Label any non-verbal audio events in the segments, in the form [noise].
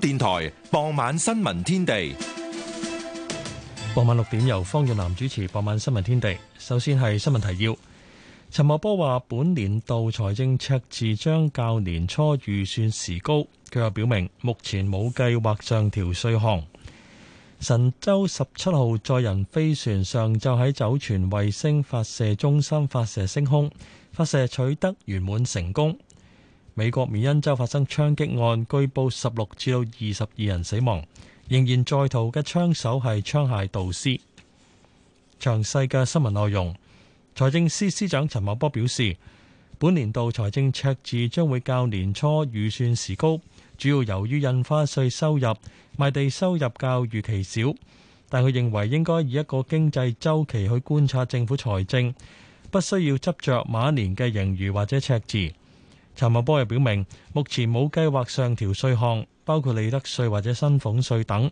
電台傍晚新聞天地，傍晚六點由方若南主持。傍晚新聞天地，首先係新聞提要。陳茂波話，本年度財政赤字將較年初預算時高。佢又表明，目前冇計劃上調稅項。神舟十七號載人飛船上晝喺酒泉衛星發射中心發射升空，發射取得圓滿成功。美國緬因州發生槍擊案，據報十六至到二十二人死亡，仍然在逃嘅槍手係槍械導師。詳細嘅新聞內容，財政司司長陳茂波表示，本年度財政赤字將會較年初預算時高，主要由於印花稅收入、賣地收入較預期少。但佢認為應該以一個經濟周期去觀察政府財政，不需要執着馬年嘅盈餘或者赤字。陳茂波又表明，目前冇計劃上調稅項，包括利得稅或者薪俸稅等，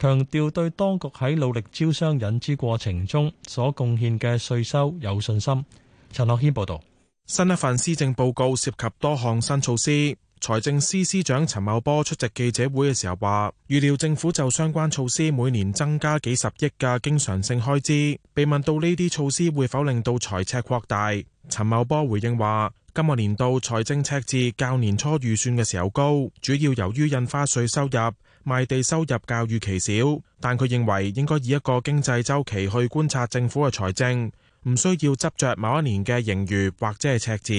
強調對當局喺努力招商引資過程中所貢獻嘅稅收有信心。陳樂軒報道，新一份施政報告涉及多項新措施，財政司司長陳茂波出席記者會嘅時候話，預料政府就相關措施每年增加幾十億嘅經常性開支。被問到呢啲措施會否令到財赤擴大，陳茂波回應話。今個年度財政赤字較年初預算嘅時候高，主要由於印花稅收入、賣地收入較預期少。但佢認為應該以一個經濟周期去觀察政府嘅財政，唔需要執着某一年嘅盈餘或者係赤字。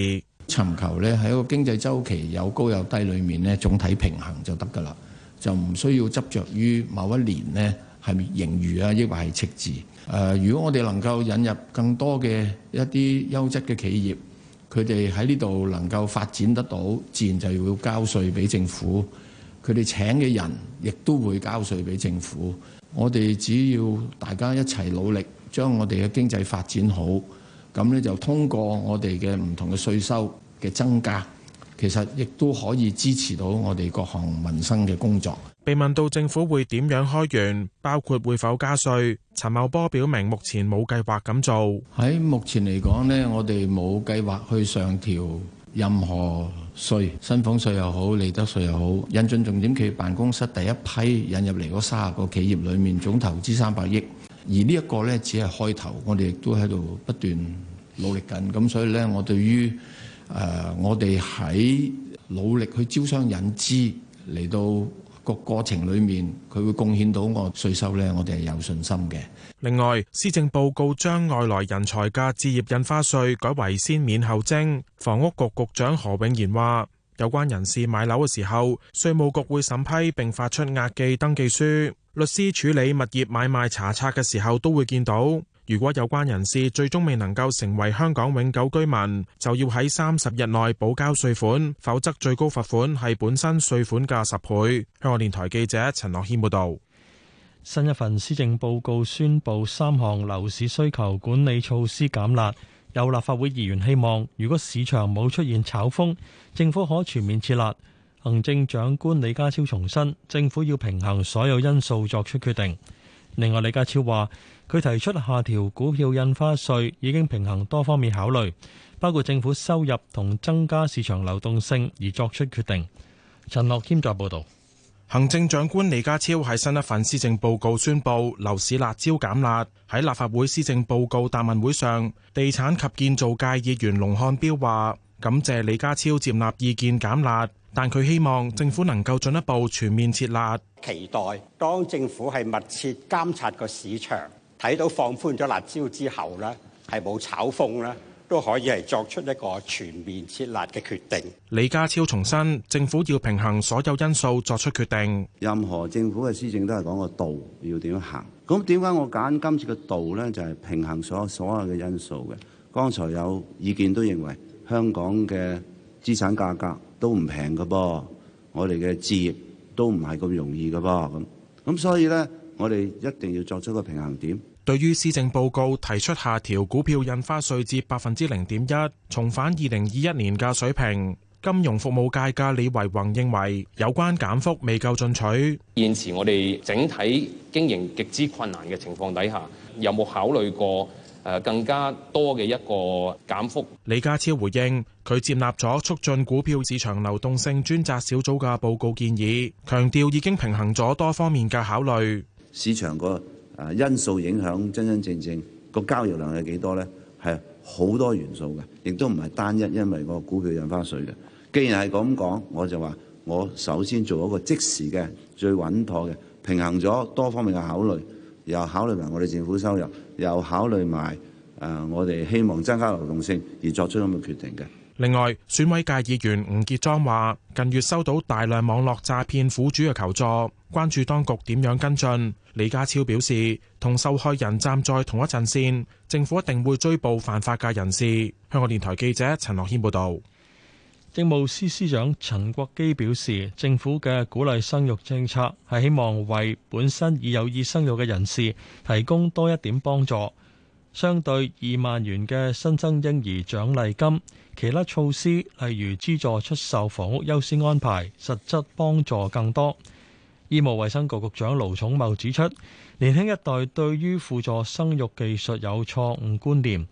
尋求呢喺個經濟周期有高有低裏面呢，總體平衡就得噶啦，就唔需要執着於某一年呢係盈餘啊，抑或係赤字。誒，如果我哋能夠引入更多嘅一啲優質嘅企業。佢哋喺呢度能夠發展得到，自然就要交稅俾政府。佢哋請嘅人亦都會交稅俾政府。我哋只要大家一齊努力，將我哋嘅經濟發展好，咁咧就通過我哋嘅唔同嘅稅收嘅增加，其實亦都可以支持到我哋各項民生嘅工作。被問到政府會點樣開源，包括會否加稅，陳茂波表明目前冇計劃咁做。喺目前嚟講呢，我哋冇計劃去上調任何稅，薪俸稅又好，利得稅又好。引進重點企業辦公室第一批引入嚟嗰三十個企業裏面，總投資三百億。而呢一個呢，只係開頭，我哋亦都喺度不斷努力緊。咁所以呢，我對於誒、呃、我哋喺努力去招商引資嚟到，個過程裏面，佢會貢獻到我稅收呢。我哋係有信心嘅。另外，施政報告將外來人才嘅置業印花稅改為先免後徵。房屋局局長何永賢話：有關人士買樓嘅時候，稅務局會審批並發出押記登記書，律師處理物業買賣查冊嘅時候都會見到。如果有關人士最終未能夠成為香港永久居民，就要喺三十日內補交稅款，否則最高罰款係本身稅款嘅十倍。香港電台記者陳樂謙報道。新一份施政報告宣佈三項樓市需求管理措施減辣，有立法會議員希望，如果市場冇出現炒風，政府可全面撤辣。行政長官李家超重申，政府要平衡所有因素作出決定。另外，李家超話：佢提出下調股票印花稅已經平衡多方面考慮，包括政府收入同增加市場流動性而作出決定。陳樂謙在報道。行政長官李家超喺新一份施政報告宣布樓市辣椒減辣。喺立法會施政報告答問會上，地產及建造界議員龍漢標話：感謝李家超接納意見減辣。但佢希望政府能夠進一步全面撤辣，期待當政府係密切監察個市場睇到放寬咗辣招之後咧，係冇炒風咧，都可以係作出一個全面撤辣嘅決定。李家超重申，政府要平衡所有因素作出決定。任何政府嘅施政都係講個道要點樣行。咁點解我揀今次個道咧？就係、是、平衡所有所有嘅因素嘅。剛才有意見都認為香港嘅資產價格，都唔平㗎噃，我哋嘅置業都唔係咁容易㗎噃，咁咁所以呢，我哋一定要作出個平衡點。對於施政報告提出下調股票印花稅至百分之零點一，重返二零二一年嘅水平，金融服務界嘅李維宏認為有關減幅未夠進取，現時我哋整體經營極之困難嘅情況底下，有冇考慮過？誒更加多嘅一個減幅。李家超回應，佢接納咗促進股票市場流動性專責小組嘅報告建議，強調已經平衡咗多方面嘅考慮。市場個誒因素影響真真正正個交易量係幾多咧？係好多元素嘅，亦都唔係單一，因為個股票印花稅嘅。既然係咁講，我就話，我首先做一個即時嘅、最穩妥嘅，平衡咗多方面嘅考慮。又考慮埋我哋政府收入，又考慮埋誒我哋希望增加流動性而作出咁嘅決定嘅。另外，選委界議員吳傑莊話，近月收到大量網絡詐騙苦主嘅求助，關注當局點樣跟進。李家超表示，同受害人站在同一陣線，政府一定會追捕犯法嘅人士。香港電台記者陳樂軒報導。政務司司長陳國基表示，政府嘅鼓勵生育政策係希望為本身已有意生育嘅人士提供多一點幫助。相對二萬元嘅新增嬰兒獎勵金，其他措施例如資助出售房屋優先安排，實質幫助更多。醫務衛生局局長盧寵茂指出，年輕一代對於輔助生育技術有錯誤觀念。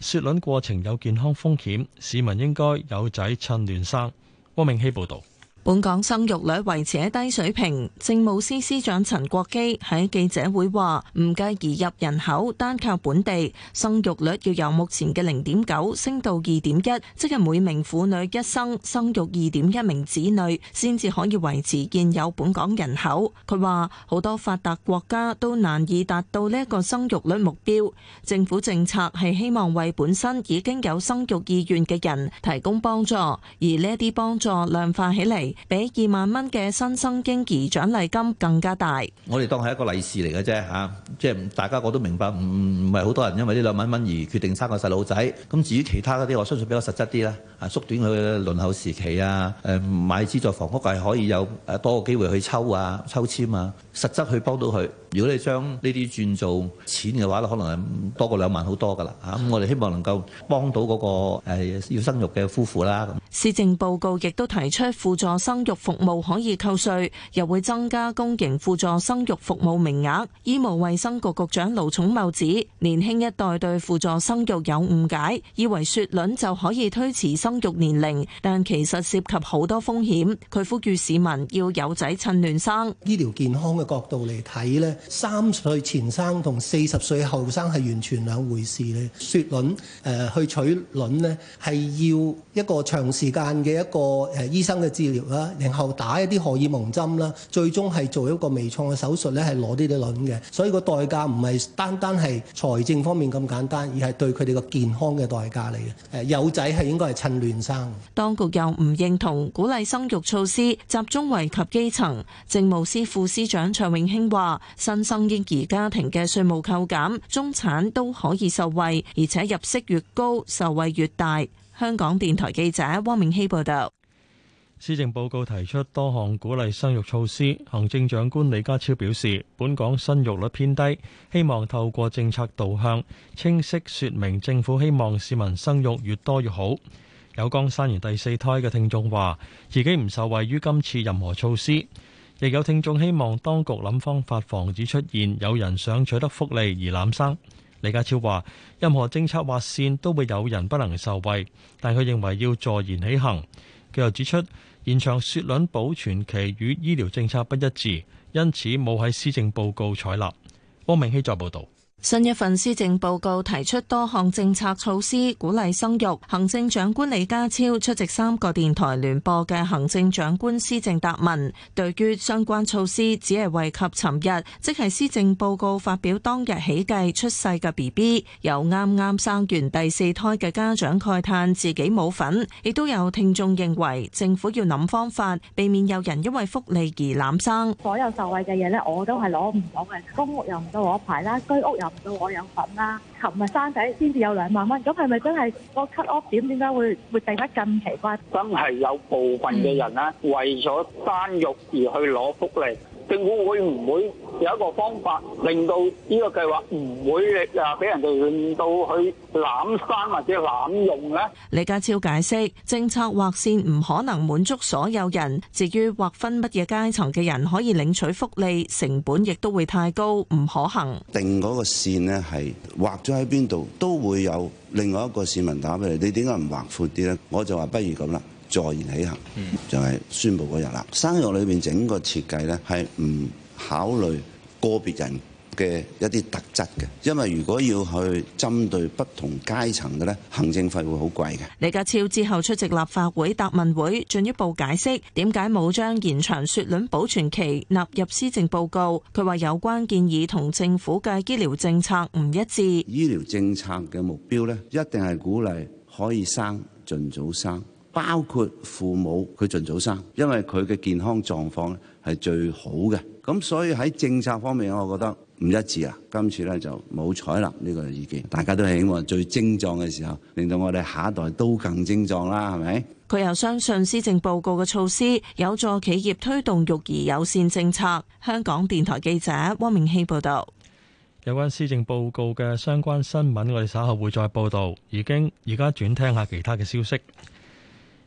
雪卵過程有健康風險，市民應該有仔趁亂生。汪明希報導。本港生育率維持喺低水平，政務司司長陳國基喺記者會話唔計移入人口，單靠本地生育率，要由目前嘅零點九升到二點一，即係每名婦女一生生育二點一名子女，先至可以維持現有本港人口。佢話好多發達國家都難以達到呢一個生育率目標，政府政策係希望為本身已經有生育意願嘅人提供幫助，而呢啲幫助量化起嚟，比二萬蚊嘅新生嬰兒獎勵金更加大。我哋當係一個利是嚟嘅啫嚇，即係大家我都明白，唔唔唔係好多人因為呢兩萬蚊而決定生個細路仔。咁至於其他嗰啲，我相信比較實質啲啦。縮短佢嘅輪候時期啊，誒買資助房屋係可以有誒多個機會去抽啊、抽籤啊，實質去幫到佢。如果你將呢啲轉做錢嘅話，可能係多過兩萬好多㗎啦嚇。咁、啊、我哋希望能夠幫到嗰個要生育嘅夫婦啦。施政報告亦都提出，輔助生育服務可以扣稅，又會增加公營輔助生育服務名額。醫務衛生局局長盧寵茂指，年輕一代對輔助生育有誤解，以為雪卵就可以推遲生育年齡，但其實涉及好多風險。佢呼籲市民要有仔趁嫩生。醫療健康嘅角度嚟睇呢。三十歲前生同四十歲後生係完全兩回事咧。雪卵誒去取卵呢，係要一個長時間嘅一個誒醫生嘅治療啦，然後打一啲荷爾蒙針啦，最終係做一個微創嘅手術咧，係攞呢啲卵嘅。所以個代價唔係單單係財政方面咁簡單，而係對佢哋個健康嘅代價嚟嘅。誒有仔係應該係趁亂生。當局又唔認同鼓勵生育措施集中惠及基層。政務司副司長卓永興話。新生嬰兒家庭嘅稅務扣減，中產都可以受惠，而且入息越高，受惠越大。香港電台記者汪明熙報道。施政報告提出多項鼓勵生育措施，行政長官李家超表示，本港生育率偏低，希望透過政策導向，清晰說明政府希望市民生育越多越好。有剛生完第四胎嘅聽眾話，自己唔受惠於今次任何措施。亦有聽眾希望當局諗方法防止出現有人想取得福利而攬生。李家超話：任何政策劃線都會有人不能受惠，但佢認為要坐言起行。佢又指出，延長雪卵保存期與醫療政策不一致，因此冇喺施政報告採納。汪明熙再報道。新一份施政報告提出多項政策措施，鼓勵生育。行政長官李家超出席三個電台聯播嘅行政長官施政答問，對於相關措施只係惠及尋日，即係施政報告發表當日起計出世嘅 BB。有啱啱生完第四胎嘅家長慨嘆自己冇份，亦都有聽眾認為政府要諗方法，避免有人因為福利而攬生。所有受惠嘅嘢咧，我都係攞唔到嘅，公屋又唔到我排啦，居屋又到我有份啦，啊，琴日生仔先至有兩萬蚊，咁係咪真係個 cut off 點？點解會會變得咁奇怪？真係有部分嘅人咧，嗯、為咗生育而去攞福利。政府會唔會有一個方法令到呢個計劃唔會啊俾人哋令到去濫生或者濫用咧？李家超解釋政策劃線唔可能滿足所有人，至於劃分乜嘢階層嘅人可以領取福利，成本亦都會太高，唔可行。定嗰個線咧係劃咗喺邊度，都會有另外一個市民打俾你，你點解唔劃闊啲咧？我就話不如咁啦。坐言起行，就係、是、宣布嗰日啦。生育裏邊整個設計咧，係唔考慮個別人嘅一啲特質嘅，因為如果要去針對不同階層嘅咧，行政費會好貴嘅。李家超之後出席立法會答問會進一步解釋點解冇將延長雪卵保存期納入施政報告。佢話有關建議同政府嘅醫療政策唔一致。醫療政策嘅目標咧，一定係鼓勵可以生，盡早生。包括父母，佢盡早生，因為佢嘅健康狀況係最好嘅。咁所以喺政策方面，我覺得唔一致啊。今次咧就冇採納呢個意見，大家都係希望最精壯嘅時候，令到我哋下一代都更精壯啦，係咪？佢又相信施政報告嘅措施有助企業推動育兒友善政策。香港電台記者汪明熙報道。有關施政報告嘅相關新聞，我哋稍後會再報道。已經而家轉聽下其他嘅消息。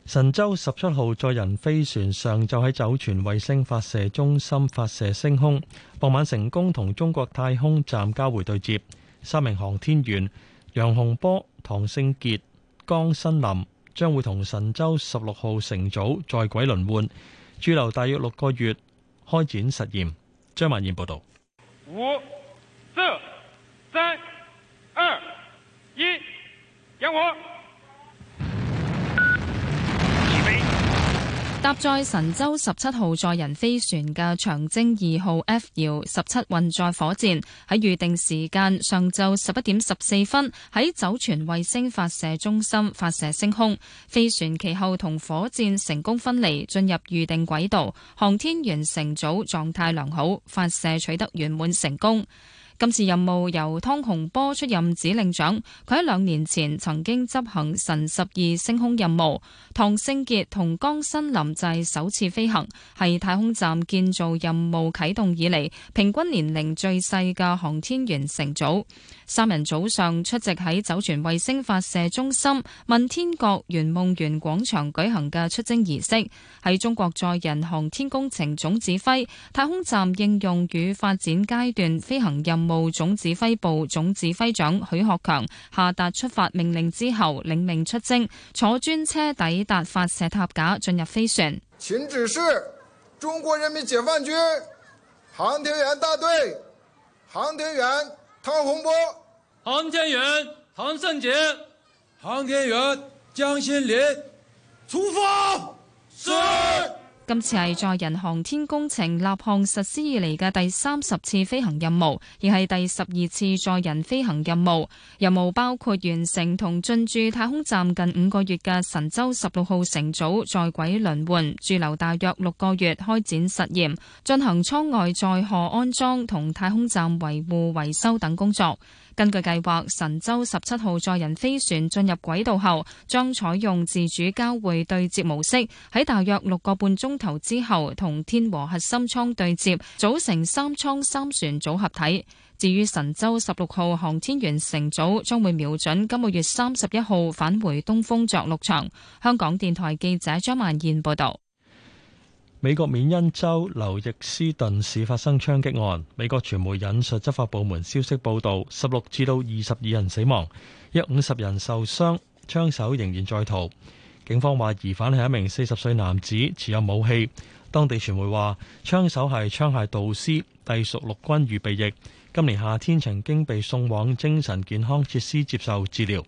神舟十七號載人飛船上晝喺酒泉衛星發射中心發射升空，傍晚成功同中國太空站交會對接，三名航天員楊洪波、唐勝傑、江新林將會同神舟十六號乘組在軌輪換，駐留大約六個月，開展實驗。張萬燕報道。五、四、三、二、一，點火。搭載神舟十七號載人飛船嘅長征二號 F 遙十七運載火箭喺預定時間上晝十一點十四分喺酒泉衛星發射中心發射升空，飛船其後同火箭成功分離，進入預定軌道，航天員乘組狀態良好，發射取得圓滿成功。今次任務由湯洪波出任指令長，佢喺兩年前曾經執行神十二升空任務。唐勝傑同江新林則首次飛行，係太空站建造任務啟動以嚟平均年齡最細嘅航天員乘組。三人早上出席喺酒泉衛星發射中心問天閣圓夢園廣場舉行嘅出征儀式，係中國載人航天工程總指揮、太空站應用與發展階段飛行任務務總指揮部總指揮長許學強下達出發命令之後，領命出征，坐專車抵達發射塔架，進入飛船。請指示中國人民解放軍航天員大隊航天員湯洪波、航天員唐勝傑、航天員江新林，出發！是。今次係載人航天工程立項實施以嚟嘅第三十次飛行任務，亦係第十二次載人飛行任務。任務包括完成同進駐太空站近五個月嘅神舟十六號乘組在軌輪換，駐留大約六個月，開展實驗，進行艙外載荷安裝同太空站維護維修等工作。根據計劃，神舟十七號載人飛船進入軌道後，將採用自主交會對接模式，喺大約六個半鐘頭之後，同天和核心艙對接，組成三艙三船組合體。至於神舟十六號航天員乘組將會瞄準今個月三十一號返回東風著陸場。香港電台記者張萬燕報道。美國緬因州劉易斯頓市發生槍擊案，美國傳媒引述執法部門消息報道，十六至到二十二人死亡，約五十人受傷，槍手仍然在逃。警方話疑犯係一名四十歲男子，持有武器。當地傳媒話槍手係槍械導師，隸屬陸軍預備役。今年夏天曾經被送往精神健康設施接受治療。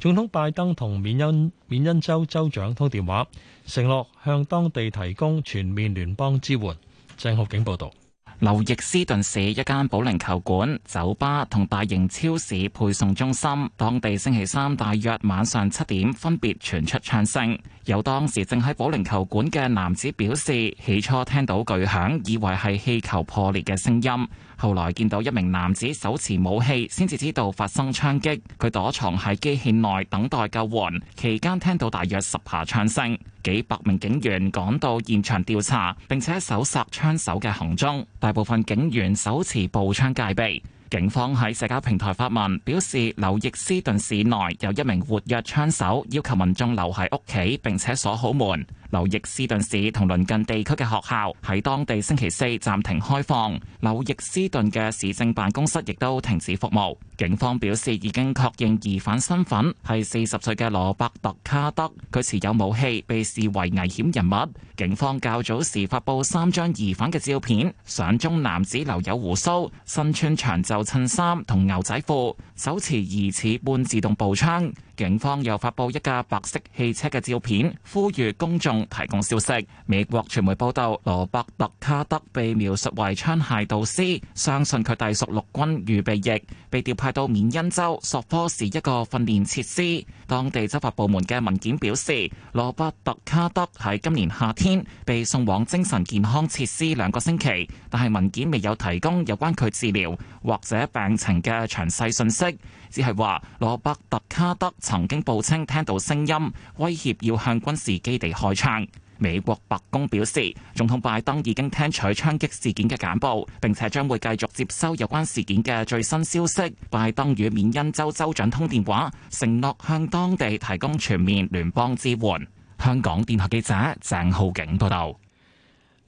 總統拜登同緬因緬因州州長通電話，承諾向當地提供全面聯邦支援。鄭學景報導。劉易斯頓市一間保齡球館、酒吧同大型超市配送中心，當地星期三大約晚上七點分別傳出槍聲。有當時正喺保齡球館嘅男子表示，起初聽到巨響，以為係氣球破裂嘅聲音，後來見到一名男子手持武器，先至知道發生槍擊。佢躲藏喺機器內等待救援，期間聽到大約十下槍聲。幾百名警員趕到現場調查，並且搜索槍手嘅行蹤。大部分警員手持步槍戒備。警方喺社交平台發文表示，劉易斯頓市內有一名活躍槍手，要求民眾留喺屋企，並且鎖好門。劉易斯頓市同鄰近地區嘅學校喺當地星期四暫停開放，劉易斯頓嘅市政辦公室亦都停止服務。警方表示已經確認疑犯身份係四十歲嘅羅伯特卡德，佢持有武器，被視為危險人物。警方較早時發布三張疑犯嘅照片，相中男子留有鬍鬚，身穿長袖襯衫同牛仔褲，手持疑似半自動步槍。警方又發布一架白色汽車嘅照片，呼籲公眾提供消息。美國傳媒報道，羅伯特卡德被描述為槍械導師，相信佢隸屬陸軍預備役，被調派到緬因州索科市一個訓練設施。當地執法部門嘅文件表示，羅伯特卡德喺今年夏天被送往精神健康設施兩個星期，但係文件未有提供有關佢治療或者病情嘅詳細信息，只係話羅伯特卡德曾經報稱聽到聲音，威脅要向軍事基地開槍。美國白宮表示，總統拜登已經聽取槍擊事件嘅簡報，並且將會繼續接收有關事件嘅最新消息。拜登與緬因州州長通電話，承諾向當地提供全面聯邦支援。香港電台記者鄭浩景報道。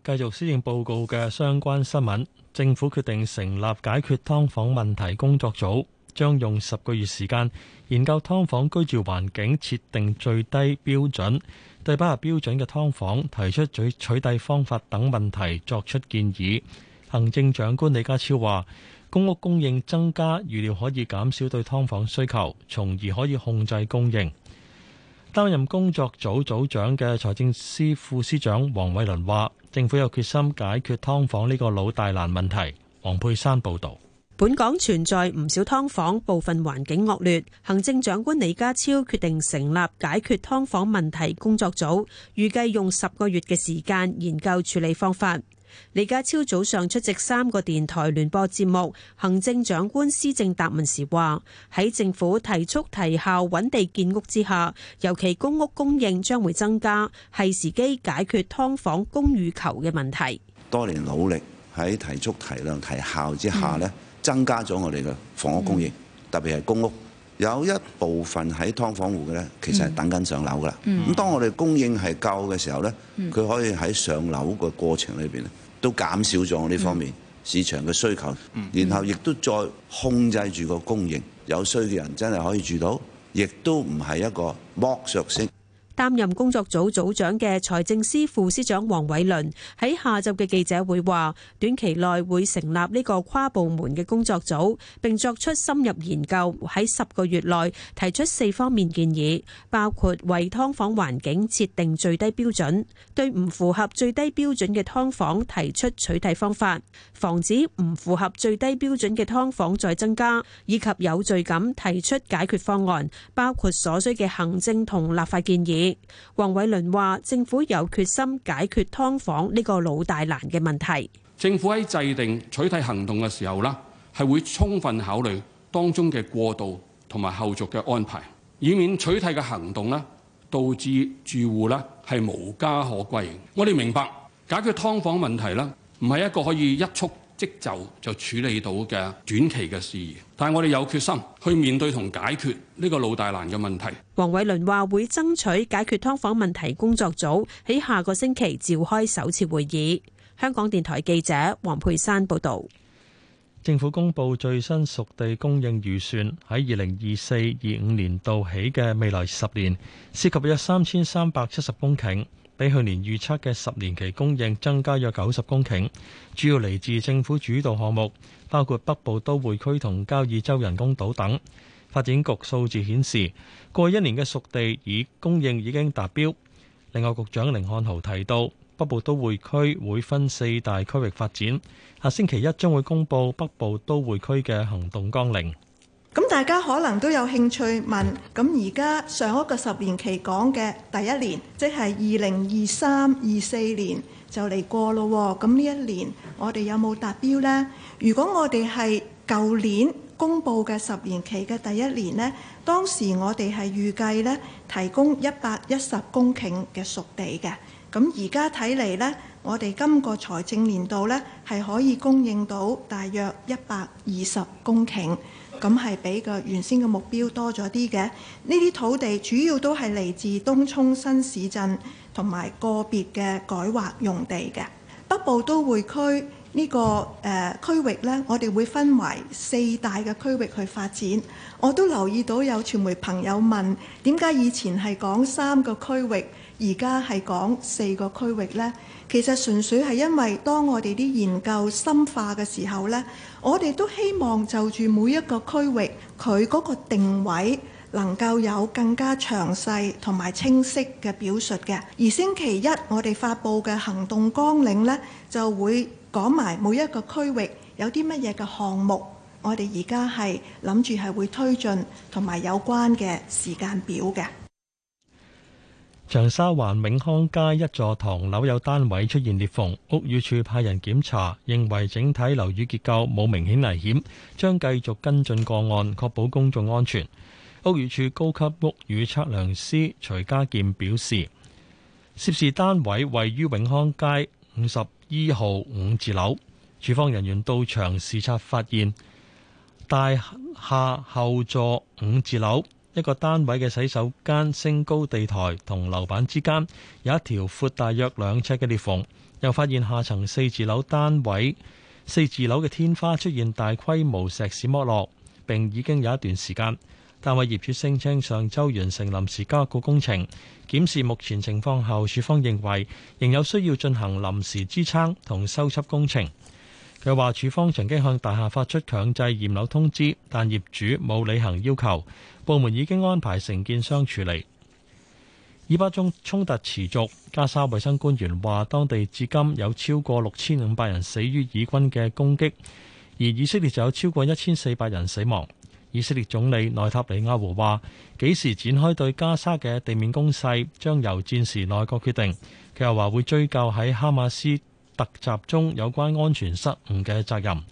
繼續施政報告嘅相關新聞。政府決定成立解決劏房問題工作組，將用十個月時間研究劏房居住環境，設定最低標準，對不符合標準嘅劏房提出取取締方法等問題作出建議。行政長官李家超話：公屋供應增加預料可以減少對劏房需求，從而可以控制供應。擔任工作組組組長嘅財政司副司長黃偉綸話，政府有決心解決劏房呢個老大難問題。黃佩珊報道，本港存在唔少劏房，部分環境惡劣。行政長官李家超決定成立解決劏房問題工作組，預計用十個月嘅時間研究處理方法。李家超早上出席三個電台聯播節目，行政長官施政答問時話：喺政府提速提效揾地建屋之下，尤其公屋供應將會增加，係時機解決劏房供與求嘅問題。多年努力喺提速提量提效之下咧，增加咗我哋嘅房屋供應，mm. 特別係公屋有一部分喺劏房戶嘅咧，其實係等緊上樓噶啦。咁、mm. 當我哋供應係夠嘅時候咧，佢可以喺上樓嘅過程裏邊。都減少咗呢方面市場嘅需求，嗯，然後亦都再控制住個供應，有需嘅人真係可以住到，亦都唔係一個剝削性。擔任工作組組長嘅財政司副司長黃偉綸喺下晝嘅記者會話，短期內會成立呢個跨部門嘅工作組，並作出深入研究，喺十個月內提出四方面建議，包括為劏房環境設定最低標準，對唔符合最低標準嘅劏房提出取締方法，防止唔符合最低標準嘅劏房再增加，以及有序咁提出解決方案，包括所需嘅行政同立法建議。黃偉綸話：政府有決心解決劏房呢個老大難嘅問題。政府喺制定取締行動嘅時候，呢係會充分考慮當中嘅過渡同埋後續嘅安排，以免取締嘅行動呢導致住戶呢係無家可歸。我哋明白，解決劏房問題呢唔係一個可以一蹴。即就就處理到嘅短期嘅事宜，但係我哋有決心去面對同解決呢個老大難嘅問題。黃偉綸話：會爭取解決劏房問題工作組喺下個星期召開首次會議。香港電台記者黃佩珊報道。政府公布最新熟地供應預算喺二零二四二五年度起嘅未來十年，涉及約三千三百七十公頃。比去年預測嘅十年期供應增加約九十公頃，主要嚟自政府主導項目，包括北部都會區同交易州人工島等。發展局數字顯示，過去一年嘅熟地已供應已經達標。另外，局長凌漢豪提到，北部都會區會分四大區域發展，下星期一將會公布北部都會區嘅行動綱領。咁大家可能都有興趣問，咁而家上一個十年期講嘅第一年，即係二零二三二四年就嚟過咯。咁呢一年我哋有冇達標呢？如果我哋係舊年公布嘅十年期嘅第一年呢，當時我哋係預計呢提供一百一十公頃嘅熟地嘅。咁而家睇嚟呢，我哋今個財政年度呢，係可以供應到大約一百二十公頃。咁係比個原先嘅目標多咗啲嘅，呢啲土地主要都係嚟自東涌新市鎮，同埋個別嘅改劃用地嘅北部都會區。呢個誒區域咧，我哋會分為四大嘅區域去發展。我都留意到有傳媒朋友問點解以前係講三個區域，而家係講四個區域咧？其實純粹係因為當我哋啲研究深化嘅時候咧，我哋都希望就住每一個區域佢嗰個定位能夠有更加詳細同埋清晰嘅表述嘅。而星期一我哋發佈嘅行動綱領咧，就會。講埋每一個區域有啲乜嘢嘅項目，我哋而家係諗住係會推進同埋有關嘅時間表嘅。長沙灣永康街一座唐樓有單位出現裂縫，屋宇署派人檢查，認為整體樓宇結構冇明顯危險，將繼續跟進個案，確保公眾安全。屋宇署高級屋宇測量師徐家健表示，涉事單位位於永康街五十。二號五字樓，處方人員到場視察，發現大廈後座五字樓一個單位嘅洗手間升高地台同樓板之間有一條闊大約兩尺嘅裂縫，又發現下層四字樓單位四字樓嘅天花出現大規模石屎剝落，並已經有一段時間。但單位業主聲稱，上週完成臨時加固工程檢視目前情況後，署方認為仍有需要進行臨時支撐同修葺工程。佢話署方曾經向大廈發出強制驗樓通知，但業主冇履行要求，部門已經安排承建商處理。以巴中衝突持續，加沙衛生官員話，當地至今有超過六千五百人死於以軍嘅攻擊，而以色列就有超過一千四百人死亡。以色列總理內塔尼亞胡話幾時展開對加沙嘅地面攻勢，將由戰時內閣決定。佢又話會追究喺哈馬斯突襲中有關安全失誤嘅責任。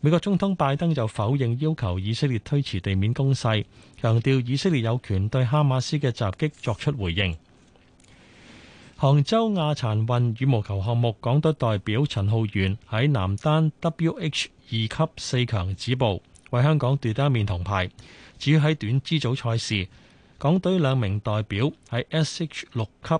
美國總統拜登就否認要求以色列推遲地面攻勢，強調以色列有權對哈馬斯嘅襲擊作出回應。杭州亞殘運羽毛球項目，港隊代表陳浩源喺男單 WH 二級四強止步。為香港奪得一面銅牌。至於喺短肢組賽事，港隊兩名代表喺 S.H. 六級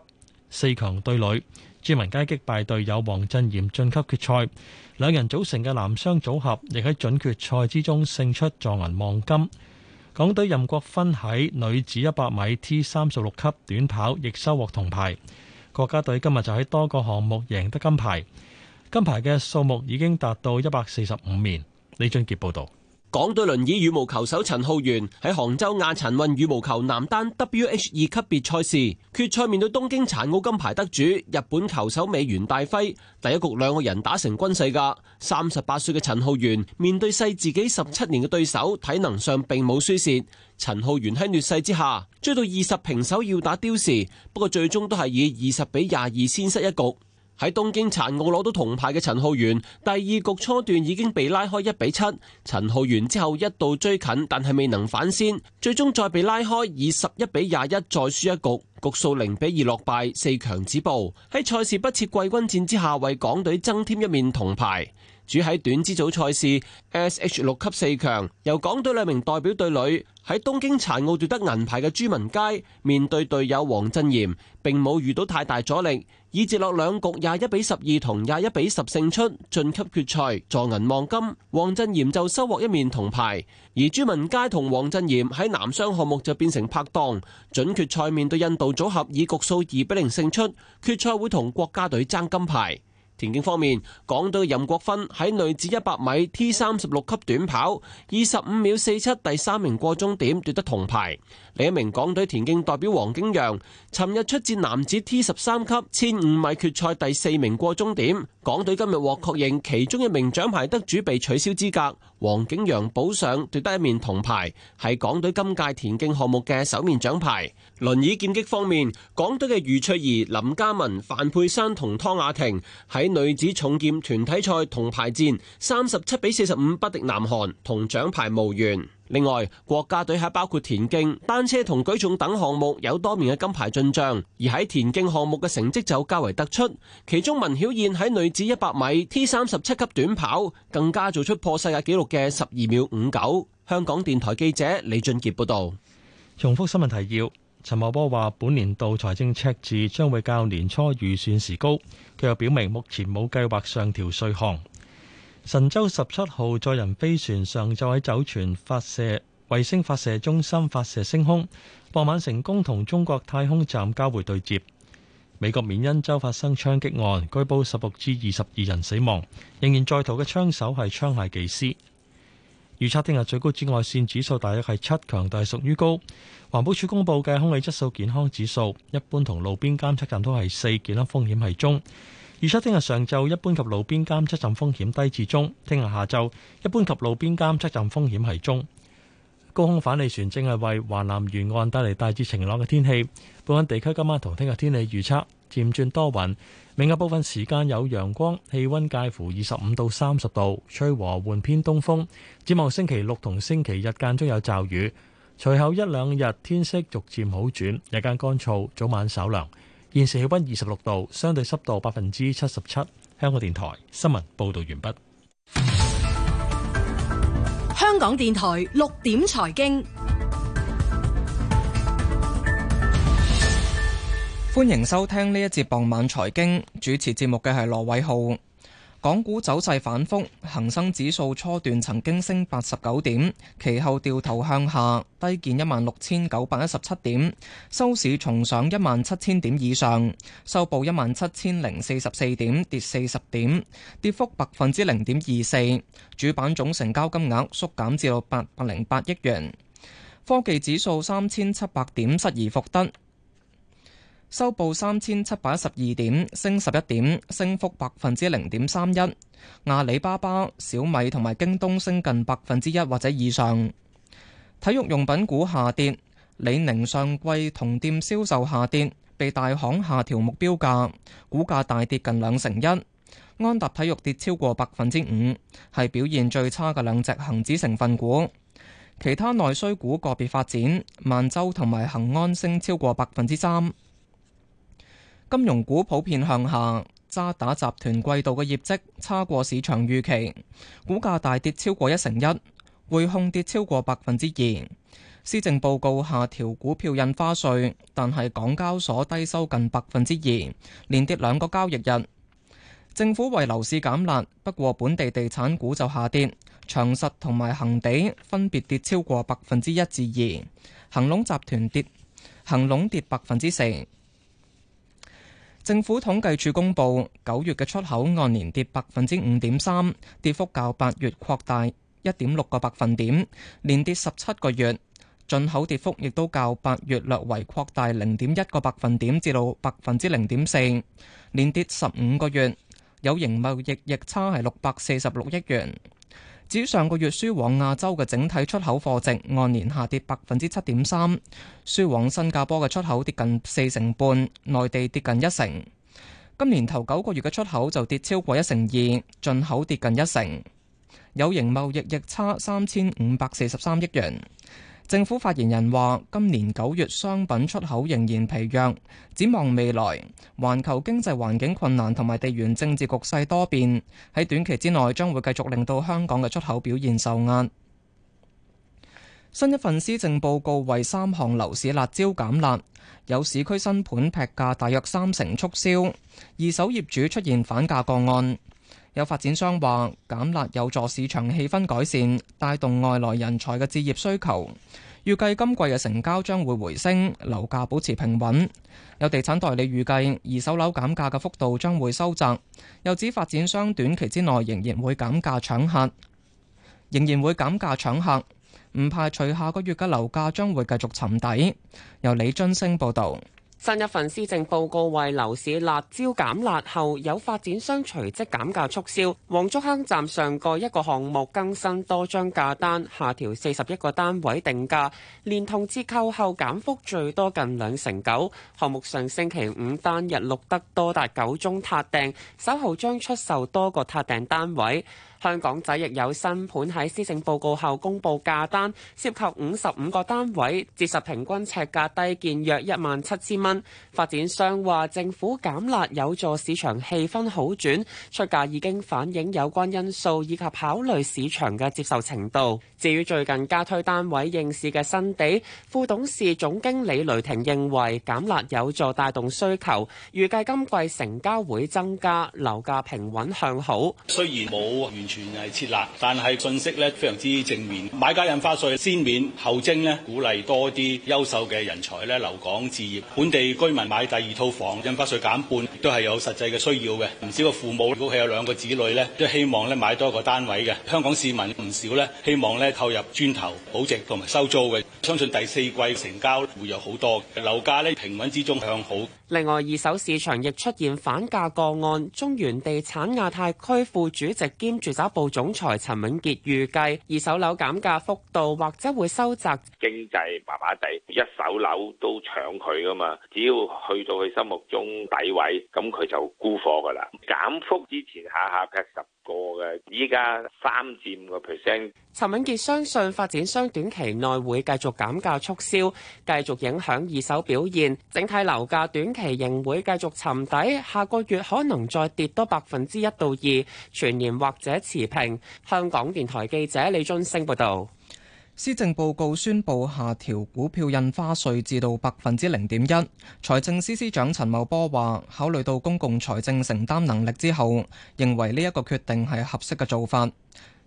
四強對壘，朱文佳擊敗隊友王振賢晉級決賽，兩人組成嘅男雙組合亦喺準決賽之中勝出，助銀望金。港隊任國芬喺女子一百米 T 三十六級短跑亦收穫銅牌。國家隊今日就喺多個項目贏得金牌，金牌嘅數目已經達到一百四十五面。李俊杰報道。港隊輪椅羽毛球手陳浩源喺杭州亞殘運羽毛球男單 WH 二級別賽事決賽面對東京殘奧金牌得主日本球手美原大輝，第一局兩個人打成均勢噶。三十八歲嘅陳浩源面對細自己十七年嘅對手，體能上並冇輸蝕。陳浩源喺劣勢之下追到二十平手要打刁時，不過最終都係以二十比廿二先失一局。喺東京殘奧攞到銅牌嘅陳浩源，第二局初段已經被拉開一比七，陳浩源之後一度追近，但係未能反先，最終再被拉開以十一比廿一再輸一局，局數零比二落敗，四強止步。喺賽事不設季軍戰之下，為港隊增添一面銅牌。主喺短肢組賽事 S H 六級四強，由港隊兩名代表隊裏喺東京殘奧奪得銀牌嘅朱文佳，面對隊友王鎮嚴，並冇遇到太大阻力。以直落兩局廿一比十二同廿一比十勝出，晉級決賽，坐銀望金。王振炎就收穫一面銅牌，而朱文佳同王振炎喺男雙項目就變成拍檔，準決賽面對印度組合，以局數二比零勝出，決賽會同國家隊爭金牌。田徑方面，港隊任國芬喺女子一百米 T 三十六級短跑，二十五秒四七第三名過終點奪得銅牌。另一名港隊田徑代表黃景陽，尋日出戰男子 T 十三級千五米決賽，第四名過終點。港隊今日獲確認其中一名獎牌得主被取消資格，黃景陽補上奪得一面銅牌，係港隊今屆田徑項目嘅首面獎牌。輪椅劍擊方面，港隊嘅余翠兒、林嘉文、范佩珊同湯雅婷喺女子重劍團體賽銅牌戰，三十七比四十五不敵南韓，同獎牌無緣。另外，國家隊喺包括田徑、單車同舉重等項目有多面嘅金牌進帳，而喺田徑項目嘅成績就較為突出。其中，文曉燕喺女子一百米 T 三十七級短跑更加做出破世界紀錄嘅十二秒五九。香港電台記者李俊傑報道。重複新聞提要：陳茂波話，本年度財政赤字將會較年初預算時高。佢又表明，目前冇計劃上調稅項。神舟十七號載人飛船上晝喺酒泉發射衛星發射中心發射升空，傍晚成功同中國太空站交會對接。美國緬因州發生槍擊案，據報十六至二十二人死亡，仍然在逃嘅槍手係槍械技師。預測聽日最高紫外線指數大約係七，強度係屬於高。環保署公布嘅空氣質素健康指數，一般同路邊監測站都係四，健康風險係中。預測聽日上晝一般及路邊監測站風險低至中，聽日下晝一般及路邊監測站風險係中。高空反氣旋正係為華南沿岸帶嚟大致晴朗嘅天氣。本港地區今晚同聽日天氣預測，漸轉多雲，明日部分時間有陽光，氣溫介乎二十五到三十度，吹和緩偏東風。展望星期六同星期日間中有驟雨，隨後一兩日天色逐漸好轉，日間乾燥，早晚稍涼。現時氣溫二十六度，相對濕度百分之七十七。香港電台新聞報道完畢。香港電台六點財經，歡迎收聽呢一節傍晚財經。主持節目嘅係羅偉浩。港股走勢反覆，恒生指數初段曾經升八十九點，其後掉頭向下，低見一萬六千九百一十七點，收市重上一萬七千點以上，收報一萬七千零四十四點，跌四十點，跌幅百分之零點二四，主板總成交金額縮減至八百零八億元，科技指數三千七百點失而復得。收報三千七百一十二點，升十一點，升幅百分之零點三一。阿里巴巴、小米同埋京東升近百分之一或者以上。體育用品股下跌，李寧上季同店銷售下跌，被大行下調目標價，股價大跌近兩成一。安踏體育跌超過百分之五，係表現最差嘅兩隻恒指成分股。其他內需股個別發展，萬洲同埋恒安升超過百分之三。金融股普遍向下，渣打集團季度嘅業績差過市場預期，股價大跌超過一成一，匯控跌超過百分之二。施政報告下調股票印花稅，但係港交所低收近百分之二，連跌兩個交易日。政府為樓市減辣，不過本地地產股就下跌，長實同埋恒地分別跌超過百分之一至二，恒隆集團跌恒隆跌百分之四。政府統計處公布，九月嘅出口按年跌百分之五點三，跌幅較八月擴大一點六個百分點，連跌十七個月。進口跌幅亦都較八月略為擴大零點一個百分點至，至到百分之零點四，連跌十五個月。有形貿易逆差係六百四十六億元。至於上個月輸往亞洲嘅整體出口貨值按年下跌百分之七點三，輸往新加坡嘅出口跌近四成半，內地跌近一成。今年頭九個月嘅出口就跌超過一成二，進口跌近一成，有形貿易逆差三千五百四十三億元。政府發言人話：今年九月商品出口仍然疲弱，展望未來，環球經濟環境困難同埋地緣政治局勢多變，喺短期之內將會繼續令到香港嘅出口表現受壓。新一份施政報告為三項樓市辣招減辣，有市區新盤劈價，大約三成促銷，二手業主出現反價個案。有發展商話減辣有助市場氣氛改善，帶動外來人才嘅置業需求。預計今季嘅成交將會回升，樓價保持平穩。有地產代理預計二手樓減價嘅幅度將會收窄，又指發展商短期之內仍然會減價搶客，仍然會減價搶客，唔排除下個月嘅樓價將會繼續沉底。由李津星報道。新一份施政報告為樓市辣招減辣後，有發展商隨即減價促銷，黃竹坑站上蓋一個項目更新多張價單下調四十一個單位定價，連同折扣後減幅最多近兩成九。項目上星期五單日錄得多達九宗撻訂，稍後將出售多個撻訂單位。香港仔亦有新盤喺施政報告後公布價單，涉及五十五個單位，折實平均尺價低建約一萬七千蚊。發展商話政府減辣有助市場氣氛好轉，出價已經反映有關因素以及考慮市場嘅接受程度。至於最近加推單位應市嘅新地副董事總經理雷霆認為，減辣有助帶動需求，預計今季成交會增加，樓價平穩向好。雖然冇完全。 [laughs] 全係設立，但係信息呢非常之正面。買家印花稅先免後徵咧，鼓勵多啲優秀嘅人才呢留港置業。本地居民買第二套房印花稅減半，都係有實際嘅需要嘅。唔少嘅父母，如果佢有兩個子女呢，都希望呢買多個單位嘅。香港市民唔少呢，希望呢購入磚頭保值同埋收租嘅。相信第四季成交會有好多樓價呢平穩之中向好。另外，二手市場亦出現反價個案。中原地產亞太區副主席兼住。找部總裁陳永傑預計二手樓減價幅度或者會收窄，經濟麻麻地，一手樓都搶佢噶嘛，只要去到佢心目中底位，咁佢就沽貨噶啦。減幅之前下下劈十個嘅，依家三至五個 percent。陳敏杰相信發展商短期內會繼續減價促銷，繼續影響二手表現，整體樓價短期仍會繼續尋底，下個月可能再跌多百分之一到二，全年或者持平。香港電台記者李津升報道。施政報告宣布下調股票印花稅至到百分之零點一，財政司司長陳茂波話，考慮到公共財政承擔能力之後，認為呢一個決定係合適嘅做法。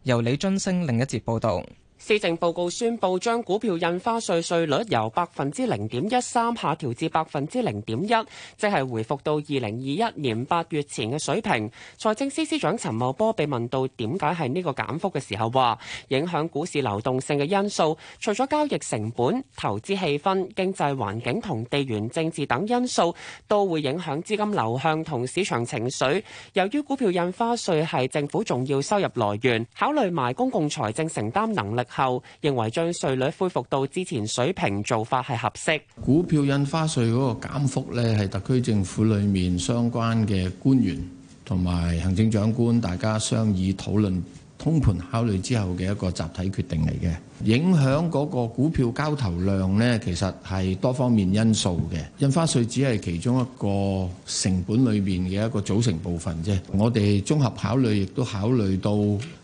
由李津星另一節報道。施政報告宣布將股票印花稅稅率由百分之零點一三下調至百分之零點一，即係回復到二零二一年八月前嘅水平。財政司司長陳茂波被問到點解係呢個減幅嘅時候，話影響股市流動性嘅因素，除咗交易成本、投資氣氛、經濟環境同地緣政治等因素，都會影響資金流向同市場情緒。由於股票印花稅係政府重要收入來源，考慮埋公共財政承擔能力。後認為將稅率恢復到之前水平做法係合適。股票印花稅嗰個減幅呢，係特區政府裏面相關嘅官員同埋行政長官大家商議討論，通盤考慮之後嘅一個集體決定嚟嘅。影響嗰個股票交投量呢，其實係多方面因素嘅。印花稅只係其中一個成本裏面嘅一個組成部分啫。我哋綜合考慮，亦都考慮到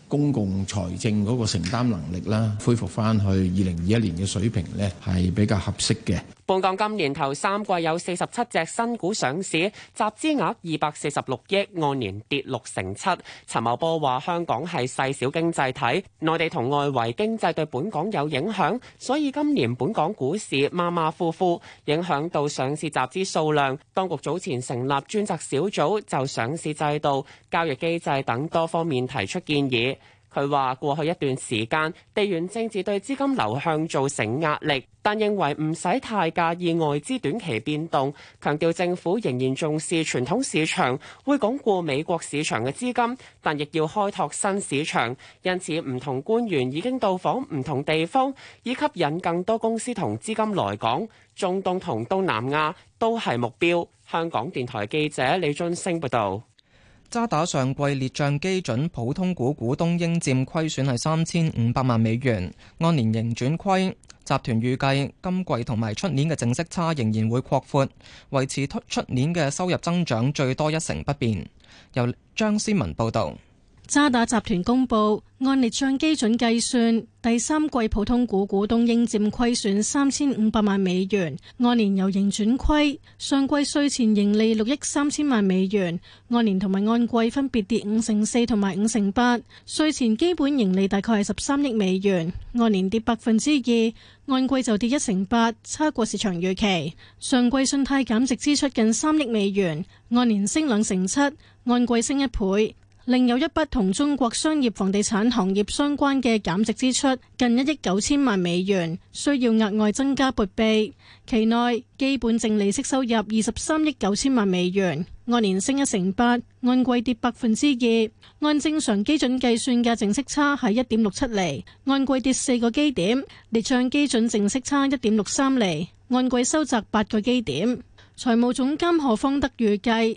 公共財政嗰個承擔能力啦，恢復返去二零二一年嘅水平咧，係比較合適嘅。本港今年頭三季有四十七隻新股上市，集資額二百四十六億，按年跌六成七。陳茂波話：香港係細小，小經濟體，內地同外圍經濟對本港有影響，所以今年本港股市馬馬虎虎，影響到上市集資數量。當局早前成立專責小組，就上市制度、交易機制等多方面提出建議。佢話：過去一段時間，地緣政治對資金流向造成壓力，但認為唔使太介意外資短期變動。強調政府仍然重視傳統市場，會鞏固美國市場嘅資金，但亦要開拓新市場。因此，唔同官員已經到訪唔同地方，以吸引更多公司同資金來港。中東同東南亞都係目標。香港電台記者李津升報道。渣打上季列賬基準普通股股東應佔虧損係三千五百萬美元，按年盈轉虧。集團預計今季同埋出年嘅淨息差仍然會擴闊，維持出年嘅收入增長最多一成不變。由張思文報道。渣打集團公布按列賬基準計算，第三季普通股股東應佔虧損三千五百萬美元，按年由盈轉虧。上季稅前盈利六億三千萬美元，按年同埋按季分別跌五成四同埋五成八。稅前基本盈利大概係十三億美元，按年跌百分之二，按季就跌一成八，差過市場預期。上季信貸減值支出近三億美元，按年升兩成七，按季升一倍。另有一筆同中國商業房地產行業相關嘅減值支出，近一億九千萬美元，需要額外增加撥備。期內基本淨利息收入二十三億九千萬美元，按年升一成八，按季跌百分之二。按正常基準計算嘅淨息差係一點六七厘，按季跌四個基點，列賬基準淨息差一點六三厘，按季收窄八個基點。財務總監何方德預計。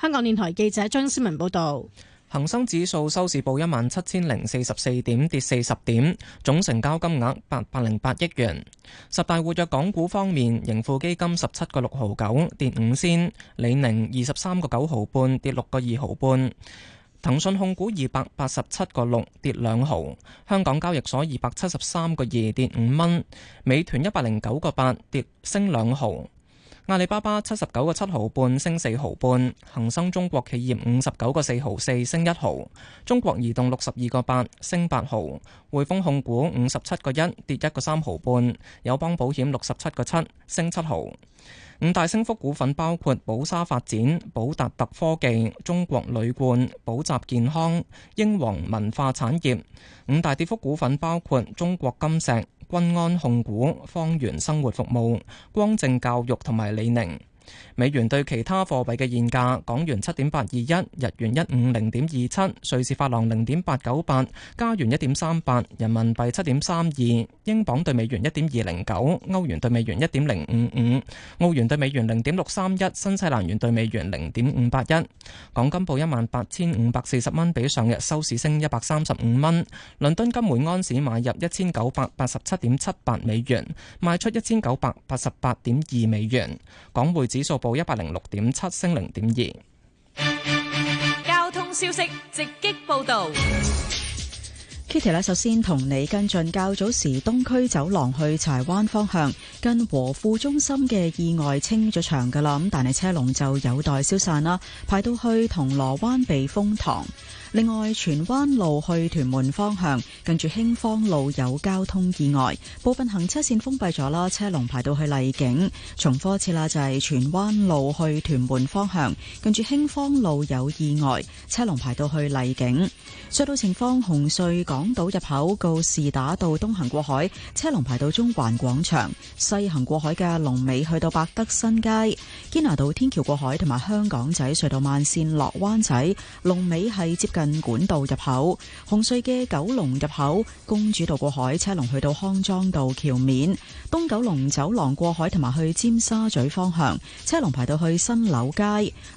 香港電台記者張思文報道，恆生指數收市報一萬七千零四十四點，跌四十點，總成交金額八百零八億元。十大活躍港股方面，盈富基金十七個六毫九，跌五仙；李寧二十三個九毫半，跌六個二毫半；騰訊控股二百八十七個六，跌兩毫；香港交易所二百七十三個二，跌五蚊；美團一百零九個八，跌升兩毫。阿里巴巴七十九個七毫半升四毫半，恒生中國企業五十九個四毫四升一毫，中國移動六十二個八升八毫，匯豐控股五十七個一跌一個三毫半，友邦保險六十七個七升七毫。五大升幅股份包括寶沙發展、寶達特科技、中國鋁罐、寶澤健康、英皇文化產業。五大跌幅股份包括中國金石、君安控股、方圓生活服務、光正教育同埋李寧。美元對其他貨幣嘅現價：港元七點八二一，日元一五零點二七，瑞士法郎零點八九八，加元一點三八，人民幣七點三二，英鎊對美元一點二零九，歐元對美元一點零五五，澳元對美元零點六三一，新西蘭元對美元零點五八一。港金報一萬八千五百四十蚊，比上日收市升一百三十五蚊。倫敦金每安士買入一千九百八十七點七八美元，賣出一千九百八十八點二美元。港匯。指數報一百零六點七，升零點二。交通消息直擊報道，Kitty 首先同你跟進較早時東區走廊去柴灣方向，跟和富中心嘅意外清咗場噶啦，咁但係車龍就有待消散啦，排到去銅鑼灣避風塘。另外，荃灣路去屯門方向，近住興芳路有交通意外，部分行車線封閉咗啦，車龍排到去荔景。重複一次啦，就係荃灣路去屯門方向，近住興芳路有意外，車龍排到去荔景。隧道情況，紅隧港島入口告士打道東行過海，車龍排到中環廣場，西行過海嘅龍尾去到百德新街、堅拿道天橋過海，同埋香港仔隧道慢線落灣仔龍尾係接近。管道入口，紅隧嘅九龍入口，公主道過海車龍去到康莊道橋面，東九龍走廊過海同埋去尖沙咀方向，車龍排到去新柳街，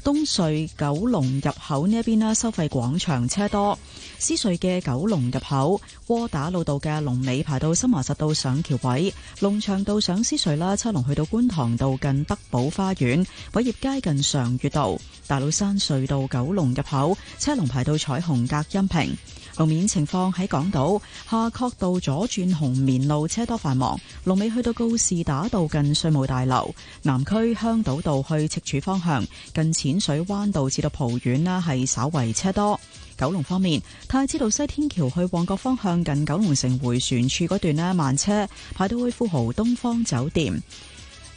東隧九龍入口呢一邊啦，收費廣場車多，獅隧嘅九龍入口，窩打老道嘅龍尾排到新華十道上橋位，龍翔道上獅隧啦，車龍去到觀塘道近德寶花園，偉業街近常悅道，大老山隧道九龍入口，車龍排到彩。紅隔音屏。路面情況，喺港島夏慤道左轉紅棉路車多繁忙，龍尾去到告士打道近稅務大樓。南區香島道去赤柱方向近淺水灣道至到蒲苑，呢係稍為車多。九龍方面，太子道西天橋去旺角方向近九龍城回旋處嗰段呢，慢車排到去富豪東方酒店。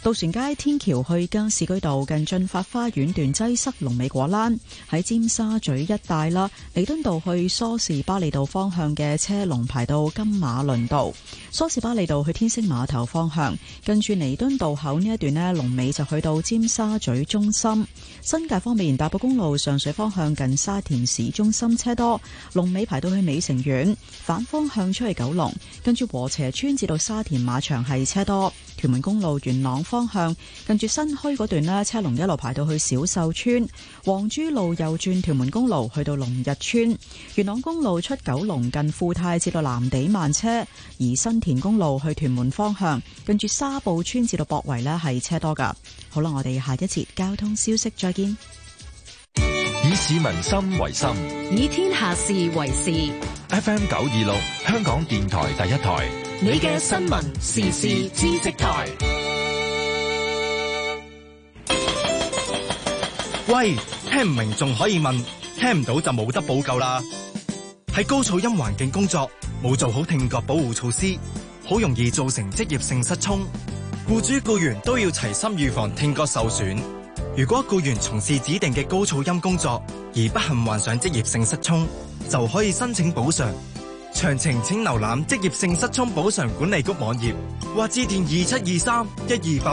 渡船街天橋去加士居道近駿發花園段擠塞，龍尾果欄，喺尖沙咀一帶啦。彌敦道去梳士巴利道方向嘅車龍排到金馬倫道，梳士巴利道去天星碼頭方向，跟住彌敦道口呢一段呢，龍尾就去到尖沙咀中心。新界方面，大埔公路上水方向近沙田市中心車多，龍尾排到去美城苑，反方向出去九龍，跟住禾輋邨至到沙田馬場係車多。屯門公路元朗方向，近住新墟嗰段咧，車龍一路排到去小秀村；黃珠路右轉屯門公路，去到龍日村；元朗公路出九龍近富泰，至到藍地慢車；而新田公路去屯門方向，近住沙步村至到博圍咧，係車多噶。好啦，我哋下一節交通消息再見。以市民心為心，以天下事為事。FM 九二六，香港電台第一台。你嘅新聞時事知識台，喂，聽唔明仲可以問，聽唔到就冇得補救啦。喺高噪音環境工作，冇做好聽覺保護措施，好容易造成職業性失聰。僱主僱員都要齊心預防聽覺受損。如果僱員從事指定嘅高噪音工作，而不幸患上職業性失聰，就可以申請補償。詳情請瀏覽職業性失聰補償管理局網頁，或致電二七二三一二八。